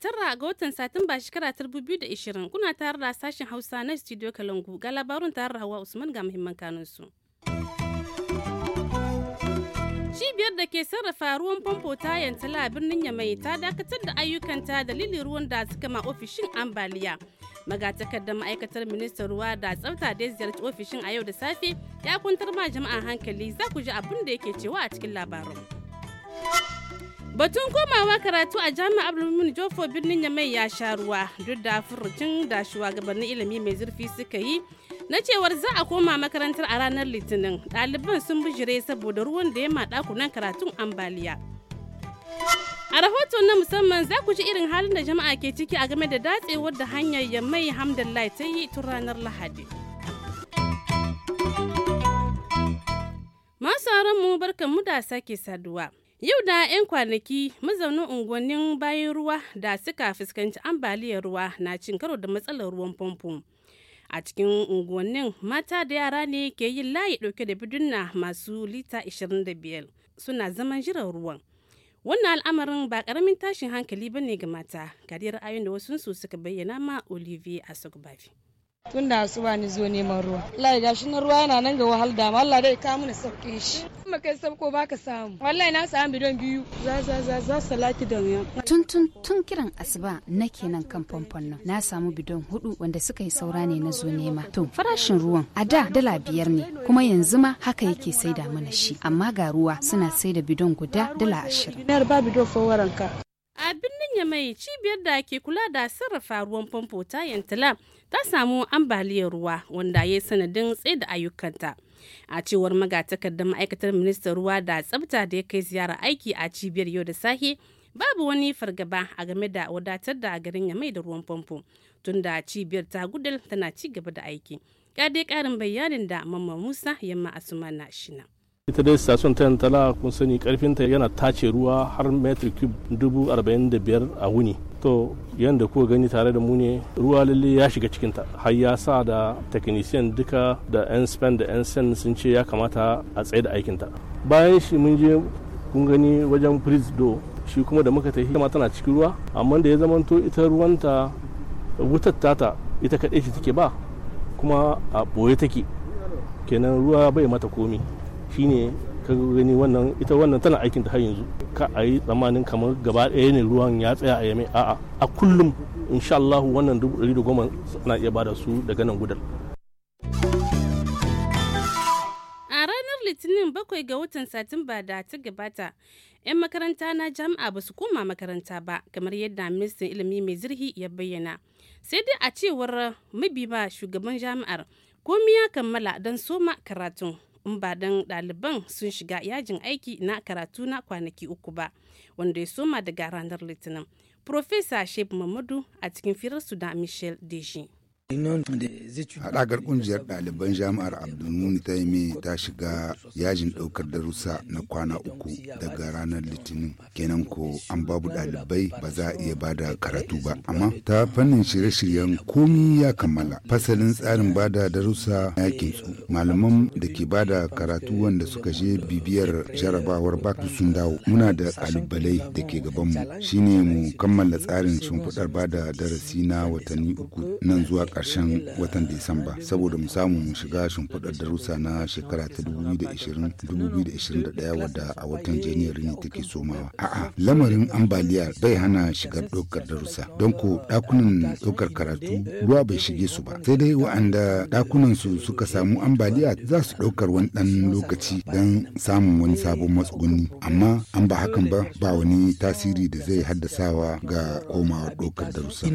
tara ga watan satumba shekara ta biyu da ashirin kuna tare da sashen hausa na studio kalangu ga labarun tare da hawa usman ga muhimman kanunsu. cibiyar da ke sarrafa ruwan famfo ta yantala birnin yamai ta dakatar da ayyukanta dalilin ruwan da suka ma ofishin ambaliya da ma'aikatar ministan ruwa da tsafta da ziyarci ofishin a yau da safe ya kwantar ma jama'a hankali za ku ji abin da yake cewa a cikin labarin batun komawa karatu a jami'a abdulmumin jofo birnin yamai ya sha ruwa duk da furucin da shugabannin ilimi mai zurfi suka yi na cewar za a koma makarantar a ranar litinin ɗaliban sun bijire saboda ruwan da ya maɗa kunan karatun ambaliya a rahoto na musamman za ku ji irin halin da jama'a ke ciki a game da datsewar da hanyar yammai hamdallah ta yi tun ranar lahadi masu mu barkan mu da sake saduwa Yau da 'yan kwanaki mazaunin unguwannin bayan ruwa da suka fuskanci ambaliyar ruwa na cin karo da matsalar ruwan famfo. a cikin unguwannin mata da yara ne ke yin layi dauke da biduna masu lita 25 suna zaman jiran ruwan wannan al'amarin ba karamin tashin hankali bane ga mata ga ayin da wasu suka bayyana ma olivier asogbafi tun da asuba ni zo neman ruwa allah ya gashi na ruwa yana nan ga wahal da Allah dai ka mana sauke shi kuma kai sabko baka samu wallahi na samu bidon biyu za za za za salati da tun tun tun kiran asuba nake nan kan famfonnan nan na samu bidon hudu wanda suka yi saura ne na zo nema to farashin ruwan a da dala biyar ne kuma yanzu ma haka yake saida mana shi amma ga ruwa suna saida bidon guda dala ashirin. Na ba bidon fawaranka. ya mai cibiyar da ke kula da sarrafa ruwan famfo ta yantala ta samu ambaliyar ruwa wanda ya sanadin tsaida ayyukanta a cewar magatakardar ma'aikatar ministan ruwa da tsabta da ya kai ziyara aiki a cibiyar yau da sahi babu wani fargaba a game da wadatar da garin ya mai da ruwan famfo da cibiyar ta gudal tana ci gaba da aiki ya dai karin bayanin da mamma musa yamma asuma na shina ita dai sasun ta tala kun sani ta yana tace ruwa har metric cube dubu arba'in da biyar a wuni to yadda kuka gani tare da mu ne ruwa lalle ya shiga cikinta har ya sa da technician duka da yan span da yan sen sun ce ya kamata a tsaye da aikinta bayan shi mun je kun gani wajen freeze do shi kuma da muka tafi tana cikin ruwa amma da ya zamanto ita ruwanta wutar tata ita kaɗai shi take ba kuma a ɓoye take kenan ruwa bai mata komi shine ka gani wannan ita wannan tana aikin ta har yanzu ka a yi tsammanin kamar gaba ɗaya ne ruwan ya tsaya a yame a'a a kullum insha Allah wannan dubu ɗari da goma na iya bada su daga nan gudar. A ranar Litinin bakwai ga watan Satumba da ta gabata, 'yan makaranta na jami'a ba su koma makaranta ba kamar yadda ministan ilimi mai zirhi ya bayyana. Sai dai a cewar mabiba shugaban jami'ar komi ya kammala don soma karatun. in ba don ɗaliban sun shiga yajin aiki na karatu na kwanaki uku ba wanda ya soma daga ranar litinin profesa shebu mamadu a cikin firarsu da michel deji Haɗakar ƙungiyar ɗaliban jami'ar Abdulmuni ta ta shiga yajin ɗaukar darussa na kwana uku daga ranar Litinin. Kenan ko an babu ɗalibai ba za a iya bada karatu ba. Amma ta fannin shirye-shiryen komi ya kammala. Fasalin tsarin bada darussa ya kintsu. Malaman da ke bada karatu wanda suka je bibiyar jarabawar bak sun dawo. Muna da ƙalubalai da ke gabanmu. Shine mu kammala tsarin shimfiɗar bada darasi na watanni uku nan zuwa karshen watan Disamba saboda mu samu mu shiga shimfiɗar darussa na shekara ta 2020-2021 wadda a watan Janairu ne take somawa. A'a, lamarin ambaliya bai hana shigar ɗaukar darussa don ko ɗakunan ɗaukar karatu ruwa bai shige su ba. Sai dai wa'anda ɗakunan su suka samu ambaliya za su ɗaukar wani ɗan lokaci don samun wani sabon matsuguni. Amma an ba hakan ba ba wani tasiri da zai haddasawa ga komawa ɗaukar darussa.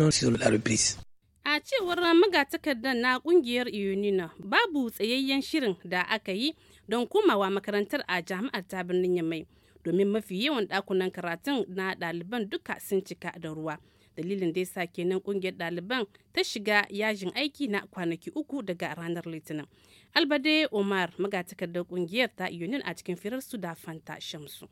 A cewar magatakardar na kungiyar UNINA babu tsayayyen shirin da aka yi don komawa makarantar a jami'ar ta birnin Yamai domin mafi yawan dakunan karatun na ɗaliban duka sun cika da ruwa. Dalilin da yasa kenan kungiyar ɗaliban ta shiga yajin aiki na kwanaki uku daga ranar Litinin. Albade Omar magatakardar kungiyar ta UNIN a cikin firar su da Fanta Shamsu.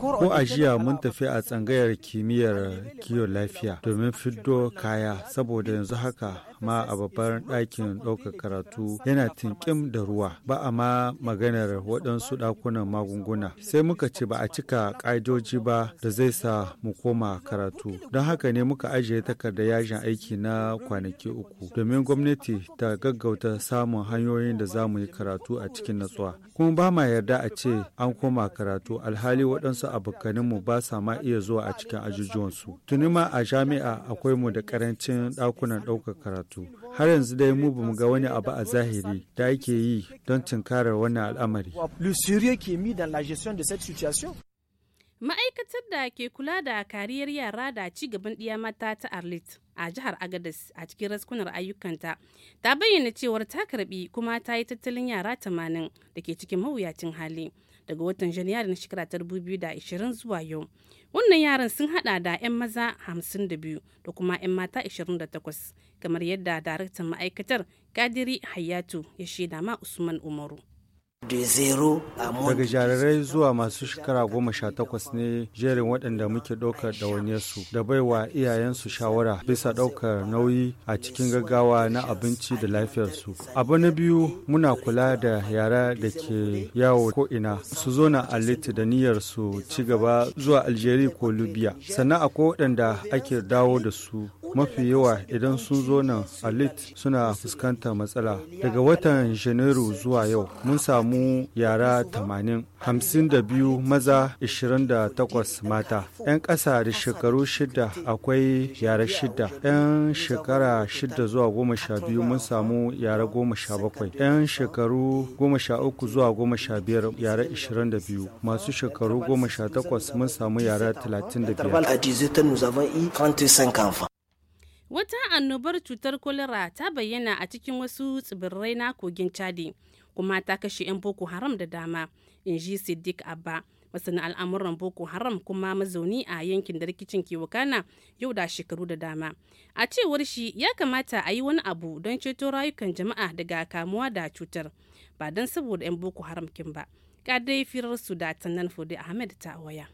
Ko a jiya mun tafi a tsangayar kimiyyar kiwon lafiya domin fiddo kaya saboda yanzu haka ma a babbar ɗakin ɗaukar karatu yana tinkim da ruwa ba a ma maganar waɗansu ɗakunan magunguna sai muka ce ba a cika ƙa'idoji ba da zai sa mu koma karatu don haka ne muka ajiye takardar yajin aiki na kwanaki uku domin gwamnati ta gaggauta samun hanyoyin da za mu yi karatu a cikin natsuwa kuma ba ma yarda a ce an koma karatu alhali waɗansu abokanmu ba sa ma iya zuwa a cikin ajujuwansu tuni ma a jami'a akwai mu da ƙarancin ɗakunan ɗaukar karatu karatu har yanzu dai mu bamu ga wani abu a zahiri da ake yi don tunkarar wannan al'amari ma'aikatar da ke kula da kariyar yara da ci gaban ɗiya mata ta arlit a jihar agadas a cikin raskunar ayyukanta ta bayyana cewar ta karbi kuma ta yi tattalin yara 80 da ke cikin mawuyacin hali daga watan janairu na shekara 2020 zuwa yau wannan yaran sun hada da 'yan maza 52 da kuma 'yan mata 28 kamar yadda daraktan ma'aikatar kadiri hayatu ya shaida ma usman umaru Daga jarirai zuwa masu shekara goma sha takwas ne jerin waɗanda muke ɗaukar su da baiwa iyayensu shawara bisa ɗaukar nauyi a cikin gaggawa na abinci da lafiyarsu. Abu na biyu muna kula da yara da ke yawo ina su zo na alit da niyyar su ci gaba zuwa Algeria ko Libya. Sannan akwai waɗanda ake dawo da su mafi yawa idan sun zo nan alit suna fuskantar matsala. Daga watan Janairu zuwa yau mun samu samu yara 80 52 maza 28 mata 'yan ƙasa da shekaru shida akwai yara shida 'yan shekara shida zuwa goma sha biyu mun samu yara goma sha bakwai 'yan shekaru goma sha uku zuwa goma sha biyar yara 22 masu shekaru goma sha takwas mun samu yara 35 Wata annobar cutar kolera ta bayyana a cikin wasu tsibirai na kogin Chadi, kuma ta kashe 'yan boko haram da dama in ji siddiq abba masana al'amuran boko haram kuma mazauni a yankin da rikicin ke yau da shekaru da dama a cewar shi ya kamata a yi wani abu don ceto rayukan jama'a daga kamuwa da cutar ba don saboda 'yan boko haram kin ba kadai firar su da tannan fode ahmed ta waya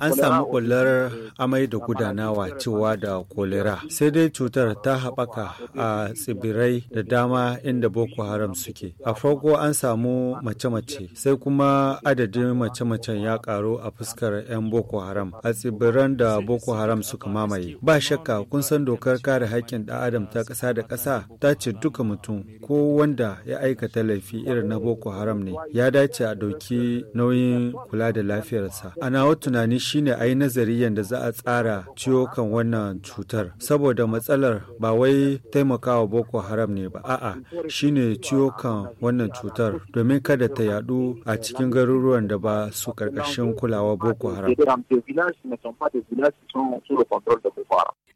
An samu kwallar eh, amai da gudanawa cewa da kolera. Sai dai cutar ta haɓaka a tsibirai da dama inda Boko Haram suke. A farko an samu mace-mace, sai kuma adadin mace-macen ya ƙaru a fuskar 'yan Boko Haram a tsibiran da Boko Haram suka mamaye. Ba shakka kun san dokar kare haƙƙin ɗan adam ta ƙasa da ƙasa ta ce duka mutum ko wanda ya aikata laifi irin na Boko Haram ne ya dace a ɗauki nauyin kula da lafiya. lafiyarsa. A nawa tunani shine a yi nazari yadda za a tsara ciwokan wannan cutar. Saboda matsalar ba wai taimakawa Boko Haram ne ba, a'a shine ciwo kan wannan cutar domin kada ta yadu a cikin garuruwan da ba su karkashin kulawa Boko Haram.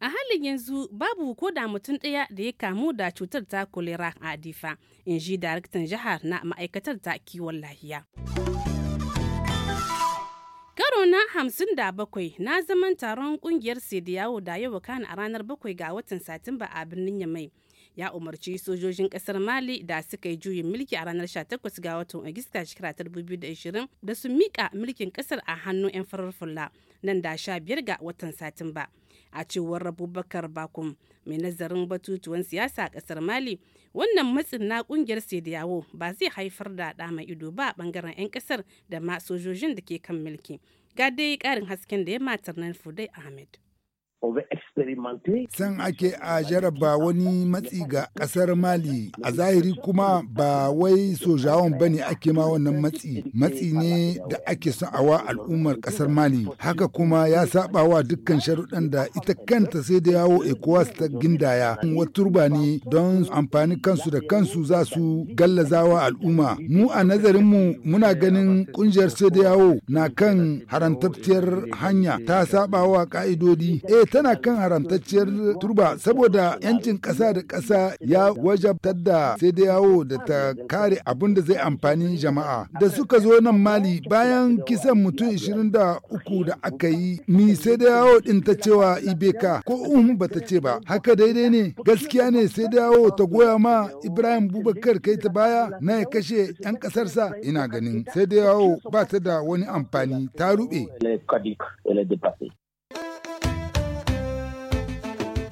A halin yanzu babu ko da mutum ɗaya da ya kamu da cutar ta kolera a Adifa, in ji daraktan jihar na ma'aikatar ta kiwon lahiya. hamsin da bakwai na zaman taron kungiyar sediyawo da yawa kan a ranar bakwai ga watan satumba a birnin yamai ya umarci sojojin kasar mali da suka yi juyin mulki a ranar 18 ga watan agusta shekara 2020 da su mika mulkin kasar a hannun 'yan farar fulla nan da sha biyar ga watan satumba a cewar rabubakar bakum mai nazarin batutuwan siyasa a kasar mali wannan matsin na kungiyar sediyawo ba zai haifar da ɗa mai ido ba a bangaren 'yan kasar da ma sojojin da ke kan mulki ga dai ƙarin hasken da ya matar nan fudai ahmed San ake a jaraba wani matsi ga ƙasar Mali a zahiri kuma ba wai sojawan ba ne ake ma wannan matsi. Matsi ne da ake son awa al'ummar ƙasar Mali. Haka kuma ya saba wa dukkan sharuɗan da ita kanta sai da yawo ECOWAS ta gindaya. Wata turba ne don amfani kansu da kansu za su gallazawa al'umma. Mu a nazarinmu muna ganin ƙungiyar sai da yawo na kan harantaftiyar hanya ta saba ƙa'idodi. E tana kan haramtacciyar turba saboda yancin ƙasa da ƙasa ya wajabtar da sai da yawo da ta kare abin da zai amfani jama'a. Da suka zo nan Mali bayan kisan mutum 23 da aka yi ni sai da yawo ɗin ta cewa Ibeka ko Umu ba ta ce ba. Haka daidai ne gaskiya ne sai da yawo ta goya ma Ibrahim Bubakar kai ta baya na ya kashe 'yan ƙasarsa ina ganin sai da yawo ba ta da wani amfani ta ruɓe.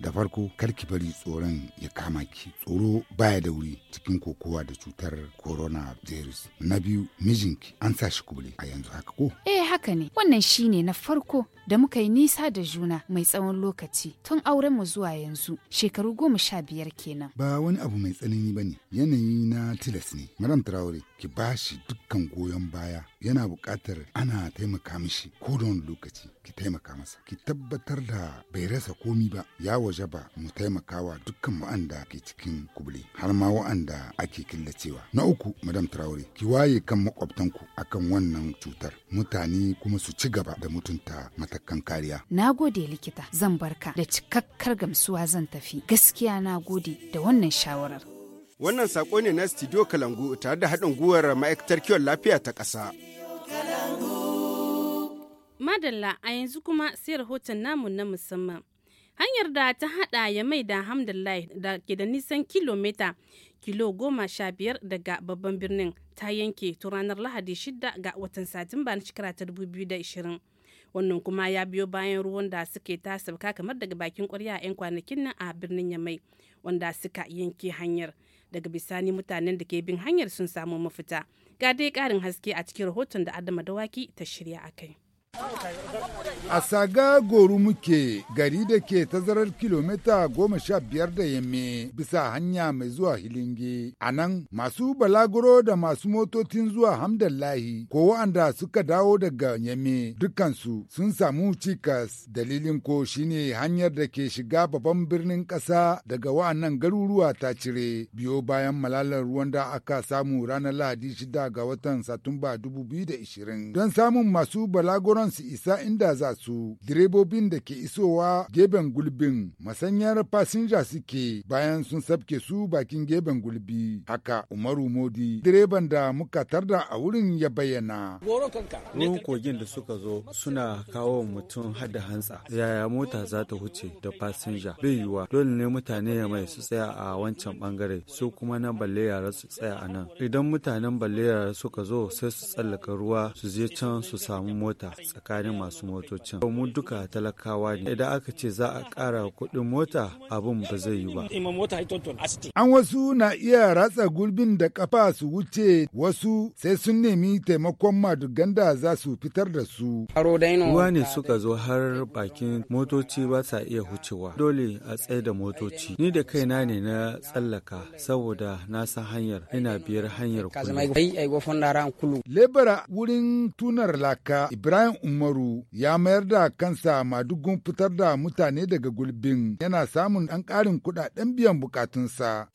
da farko karki bari tsoron ya kama ki tsoro baya da wuri cikin kokowa da cutar coronavirus na biyu mijinki an sa shi kubule a yanzu haka ko eh haka ne wannan shine na farko da muka yi nisa da juna mai tsawon lokaci tun auren mu zuwa yanzu shekaru goma sha biyar kenan ba wani abu mai tsanani bane yanayi na tilas ne madam traore ki bashi dukkan goyon baya yana buƙatar ana taimaka mishi ko da wani lokaci ki taimaka masa ki tabbatar da bai rasa komi ba ya waje ba mu taimakawa dukkan wa'anda ke cikin kubule har ma wa'anda ake killacewa na uku madam traore ki waye kan makwabtanku akan wannan cutar mutane kuma su ci gaba da mutunta matakan kariya na gode likita zan barka da cikakkar gamsuwa zan tafi gaskiya na gode da wannan shawarar wannan saƙo ne na studio kalangu tare da haɗin gwiwar ma'aikatar kiwon lafiya ta ƙasa Madalla a yanzu kuma sai rahoton namu na musamman. Hanyar da ta hada ya mai da hamdallah da ke da nisan kilomita kilo goma sha biyar daga babban birnin ta yanke tun ranar lahadi shida ga watan satumba na shekara ta dubu biyu da ishirin. Wannan kuma ya biyo bayan ruwan da suke ta sauka kamar daga bakin kwarya a 'yan kwanakin nan a birnin Yamai wanda suka yanke hanyar. Daga bisani mutanen da ke bin hanyar sun samu mafita. Ga dai karin haske a cikin rahoton da Adama Dawaki ta shirya a kai. A saga goru muke gari da ke tazarar kilomita goma sha biyar da yamme bisa hanya mai zuwa Hilinge. A nan masu balaguro da masu motocin zuwa Hamdallahi ko wa'anda suka dawo daga yamme dukansu sun samu cikas dalilin ko shine hanyar da ke shiga babban birnin ƙasa daga wa'annan garuruwa ta cire biyo bayan malalar ruwan da aka samu ranar Lahadi shida ga watan Satumba 2020 don samun masu balaguron ruwan su isa inda za su direbobin da ke isowa geben gulbin masanyar fasinja suke bayan sun sabke su bakin geben gulbi haka umaru modi direban da muka tarda a wurin ya bayyana ruwan kogin da suka zo suna kawo mutum hada hantsa yaya mota za ta huce da fasinja bai yiwuwa dole ne mutane ya mai su tsaya a wancan bangare su kuma na balle yara su tsaya a nan idan mutanen balle yara suka zo sai su tsallaka ruwa su je can su samu mota tsakanin masu motocin mu duka talakawa ne idan aka ce za a ƙara kuɗin mota abin ba zai yi ba an wasu na iya ratsa gurbin da kafa su wuce wasu sai sun nemi taimakon madugan za su fitar da su ruwa ne suka zo har bakin motoci ba sa iya hucewa dole a tsaye da motoci ni da kaina ne na tsallaka saboda na san hanyar ina biyar hanyar kullum. lebara wurin tunar laka ibrahim Umaru ya mayar da kansa madugun fitar da mutane daga gulbin yana samun ɗan ƙarin kuɗaɗen biyan bukatunsa.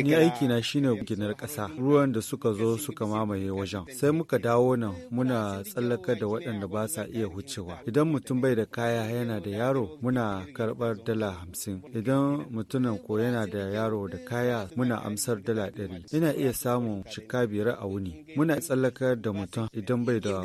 Ni aiki na shine ginar ƙasa ruwan da suka zo suka mamaye wajen. Sai muka dawo nan muna tsallaka da waɗanda ba sa iya hucewa. Idan mutum bai da kaya yana da yaro muna karɓar dala hamsin. Idan mutumin ko yana da yaro da kaya muna amsar dala ɗari. Ina iya samun shika biyar a wuni. Muna tsallakar da mutum idan bai da.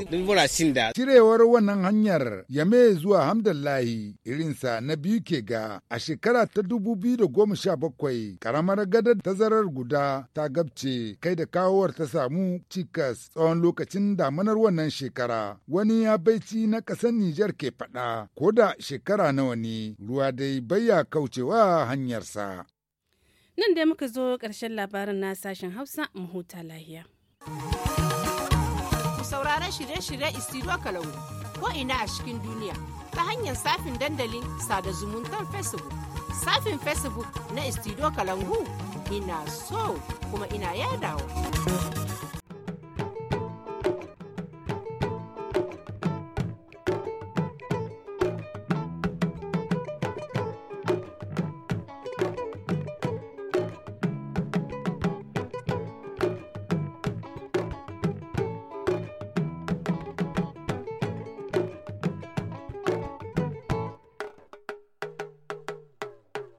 Cirewar wannan hanyar Yame zuwa Hamdallahi irinsa na biyu ke ga a shekara ta da goma sha bakwai karamar gadar tazarar guda ta gabce kai da kawowar ta samu cikas tsawon lokacin damanar wannan shekara wani ya baici na ƙasar Nijar ke faɗa ko da shekara nawa ne ruwa dai ya kaucewa hanyarsa. Nan dai muka zo ƙarshen labarin na sashen Hausa mu huta lahiya. sauraron shirye-shirye Istiro Kalau ko ina a cikin duniya ta hanyar safin dandalin sada zumuntar Facebook. Safin Facebook na Istiro Kalangu ina so kuma ina yadawa.